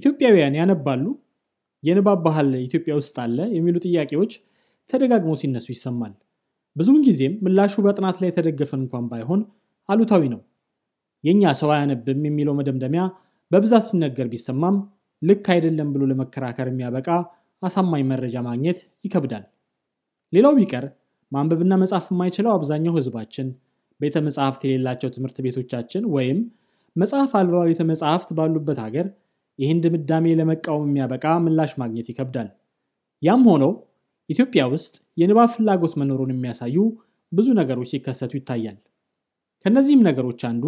ኢትዮጵያውያን ያነባሉ? የንባብ ባህል ኢትዮጵያ ውስጥ አለ? የሚሉ ጥያቄዎች ተደጋግሞ ሲነሱ ይሰማል። ብዙውን ጊዜም ምላሹ በጥናት ላይ የተደገፈ እንኳን ባይሆን አሉታዊ ነው። የእኛ ሰው አያነብም የሚለው መደምደሚያ በብዛት ሲነገር ቢሰማም ልክ አይደለም ብሎ ለመከራከር የሚያበቃ አሳማኝ መረጃ ማግኘት ይከብዳል። ሌላው ቢቀር ማንበብና መጽሐፍ የማይችለው አብዛኛው ህዝባችን ቤተ የሌላቸው ትምህርት ቤቶቻችን ወይም መጽሐፍ አልባ ቤተ ባሉበት ሀገር ይህን ድምዳሜ ለመቃወም የሚያበቃ ምላሽ ማግኘት ይከብዳል። ያም ሆኖ ኢትዮጵያ ውስጥ የንባብ ፍላጎት መኖሩን የሚያሳዩ ብዙ ነገሮች ሲከሰቱ ይታያል። ከእነዚህም ነገሮች አንዱ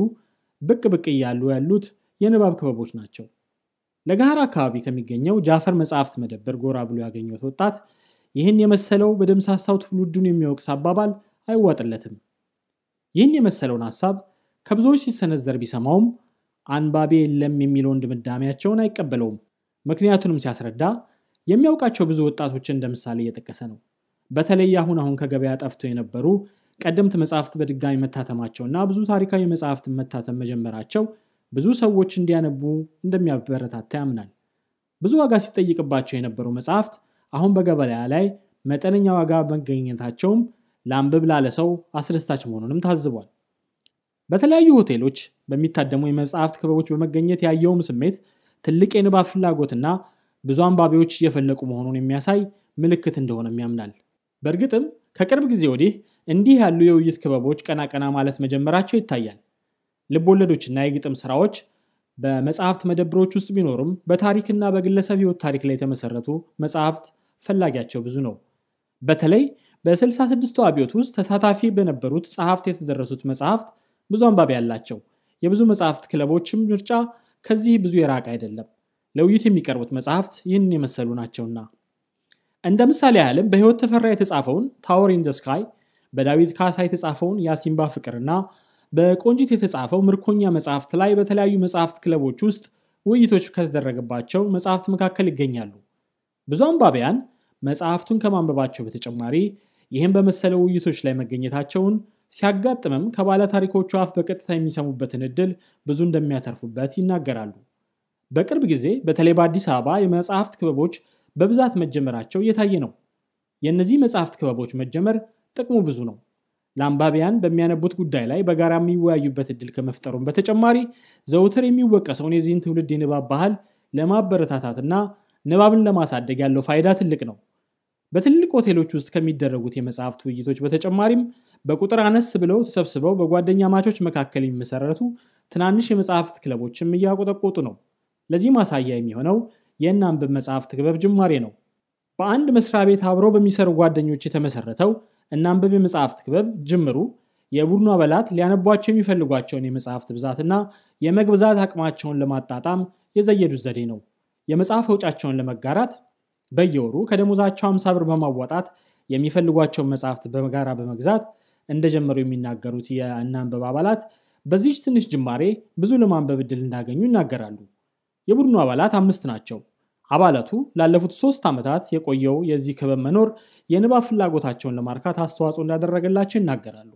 ብቅ ብቅ እያሉ ያሉት የንባብ ክበቦች ናቸው። ለጋህር አካባቢ ከሚገኘው ጃፈር መጽሐፍት መደብር ጎራ ብሎ ያገኘት ወጣት ይህን የመሰለው በደምሳሳው ትውልዱን የሚወቅስ አባባል አይዋጥለትም። ይህን የመሰለውን ሀሳብ ከብዙዎች ሲሰነዘር ቢሰማውም አንባቢ የለም የሚለውን ድምዳሜያቸውን አይቀበለውም። ምክንያቱንም ሲያስረዳ የሚያውቃቸው ብዙ ወጣቶችን እንደ ምሳሌ እየጠቀሰ ነው። በተለይ አሁን አሁን ከገበያ ጠፍተው የነበሩ ቀደምት መጽሐፍት በድጋሚ መታተማቸው እና ብዙ ታሪካዊ መጽሐፍት መታተም መጀመራቸው ብዙ ሰዎች እንዲያነቡ እንደሚያበረታታ ያምናል። ብዙ ዋጋ ሲጠይቅባቸው የነበሩ መጽሐፍት አሁን በገበያ ላይ መጠነኛ ዋጋ መገኘታቸውም ለአንብብ ላለ ሰው አስደሳች መሆኑንም ታዝቧል። በተለያዩ ሆቴሎች በሚታደሙ የመጽሐፍት ክበቦች በመገኘት ያየውም ስሜት ትልቅ የንባብ ፍላጎትና ብዙ አንባቢዎች እየፈለቁ መሆኑን የሚያሳይ ምልክት እንደሆነም ያምናል። በእርግጥም ከቅርብ ጊዜ ወዲህ እንዲህ ያሉ የውይይት ክበቦች ቀና ቀና ማለት መጀመራቸው ይታያል። ልቦወለዶችና የግጥም ስራዎች በመጽሐፍት መደብሮች ውስጥ ቢኖሩም በታሪክና በግለሰብ ህይወት ታሪክ ላይ የተመሰረቱ መጽሐፍት ፈላጊያቸው ብዙ ነው። በተለይ በ66ቱ አብዮት ውስጥ ተሳታፊ በነበሩት ጸሐፍት የተደረሱት መጽሐፍት ብዙ አንባቢ ያላቸው። የብዙ መጽሐፍት ክለቦችም ምርጫ ከዚህ ብዙ የራቅ አይደለም፣ ለውይይት የሚቀርቡት መጽሐፍት ይህንን የመሰሉ ናቸውና። እንደ ምሳሌ ያህልም በህይወት ተፈራ የተጻፈውን ታወር ኢን ስካይ፣ በዳዊት ካሳ የተጻፈውን የአሲምባ ፍቅርና በቆንጂት የተጻፈው ምርኮኛ መጽሐፍት ላይ በተለያዩ መጽሐፍት ክለቦች ውስጥ ውይይቶች ከተደረገባቸው መጽሐፍት መካከል ይገኛሉ። ብዙ አንባቢያን መጽሐፍቱን ከማንበባቸው በተጨማሪ ይህም በመሰለ ውይይቶች ላይ መገኘታቸውን ሲያጋጥምም ከባለ ታሪኮቹ አፍ በቀጥታ የሚሰሙበትን እድል ብዙ እንደሚያተርፉበት ይናገራሉ። በቅርብ ጊዜ በተለይ በአዲስ አበባ የመጽሐፍት ክበቦች በብዛት መጀመራቸው እየታየ ነው። የእነዚህ መጽሐፍት ክበቦች መጀመር ጥቅሙ ብዙ ነው። ለአንባቢያን በሚያነቡት ጉዳይ ላይ በጋራ የሚወያዩበት እድል ከመፍጠሩም በተጨማሪ ዘውትር የሚወቀሰውን የዚህን ትውልድ የንባብ ባህል ለማበረታታትና ንባብን ለማሳደግ ያለው ፋይዳ ትልቅ ነው። በትልልቅ ሆቴሎች ውስጥ ከሚደረጉት የመጽሐፍት ውይይቶች በተጨማሪም በቁጥር አነስ ብለው ተሰብስበው በጓደኛ ማቾች መካከል የሚመሰረቱ ትናንሽ የመጽሐፍት ክለቦችም እያቆጠቆጡ ነው። ለዚህ ማሳያ የሚሆነው የእናንብብ መጽሐፍት ክበብ ጅማሬ ነው። በአንድ መስሪያ ቤት አብሮ በሚሰሩ ጓደኞች የተመሰረተው እናንብብ የመጽሐፍት ክበብ ጅምሩ የቡድኑ አባላት ሊያነቧቸው የሚፈልጓቸውን የመጽሐፍት ብዛትና የመግብዛት አቅማቸውን ለማጣጣም የዘየዱት ዘዴ ነው። የመጽሐፍ እውጫቸውን ለመጋራት በየወሩ ከደሞዛቸው 50 ብር በማዋጣት የሚፈልጓቸውን መጽሐፍት በጋራ በመግዛት እንደጀመሩ የሚናገሩት የእናንበብ አባላት በዚች ትንሽ ጅማሬ ብዙ ለማንበብ እድል እንዳገኙ ይናገራሉ። የቡድኑ አባላት አምስት ናቸው። አባላቱ ላለፉት ሶስት ዓመታት የቆየው የዚህ ክበብ መኖር የንባብ ፍላጎታቸውን ለማርካት አስተዋጽኦ እንዳደረገላቸው ይናገራሉ።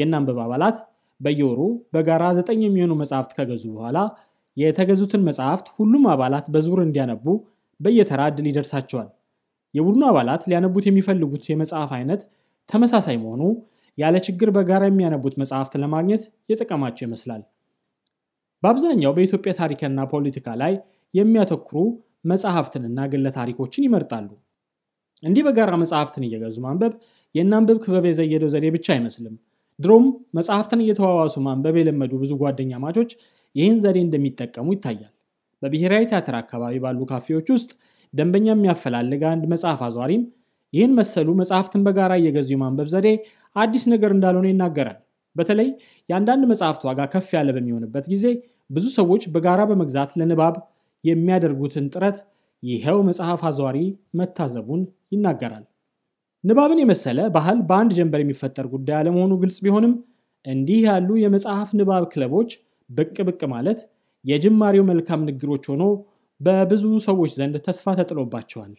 የእናንበብ አባላት በየወሩ በጋራ ዘጠኝ የሚሆኑ መጽሐፍት ከገዙ በኋላ የተገዙትን መጽሐፍት ሁሉም አባላት በዙር እንዲያነቡ በየተራ ዕድል ይደርሳቸዋል። የቡድኑ አባላት ሊያነቡት የሚፈልጉት የመጽሐፍ አይነት ተመሳሳይ መሆኑ ያለ ችግር በጋራ የሚያነቡት መጽሐፍት ለማግኘት የጠቀማቸው ይመስላል። በአብዛኛው በኢትዮጵያ ታሪክና ፖለቲካ ላይ የሚያተኩሩ መጽሐፍትንና ግለ ታሪኮችን ይመርጣሉ። እንዲህ በጋራ መጽሐፍትን እየገዙ ማንበብ የእናንብብ ክበብ የዘየደው ዘዴ ብቻ አይመስልም። ድሮም መጽሐፍትን እየተዋዋሱ ማንበብ የለመዱ ብዙ ጓደኛ ማቾች ይህን ዘዴ እንደሚጠቀሙ ይታያል። በብሔራዊ ቲያትር አካባቢ ባሉ ካፌዎች ውስጥ ደንበኛ የሚያፈላልግ አንድ መጽሐፍ አዟሪም ይህን መሰሉ መጽሐፍትን በጋራ እየገዙ የማንበብ ዘዴ አዲስ ነገር እንዳልሆነ ይናገራል። በተለይ የአንዳንድ መጽሐፍት ዋጋ ከፍ ያለ በሚሆንበት ጊዜ ብዙ ሰዎች በጋራ በመግዛት ለንባብ የሚያደርጉትን ጥረት ይኸው መጽሐፍ አዟሪ መታዘቡን ይናገራል። ንባብን የመሰለ ባህል በአንድ ጀንበር የሚፈጠር ጉዳይ አለመሆኑ ግልጽ ቢሆንም እንዲህ ያሉ የመጽሐፍ ንባብ ክለቦች ብቅ ብቅ ማለት የጅማሬው መልካም ንግግሮች ሆኖ በብዙ ሰዎች ዘንድ ተስፋ ተጥሎባቸዋል።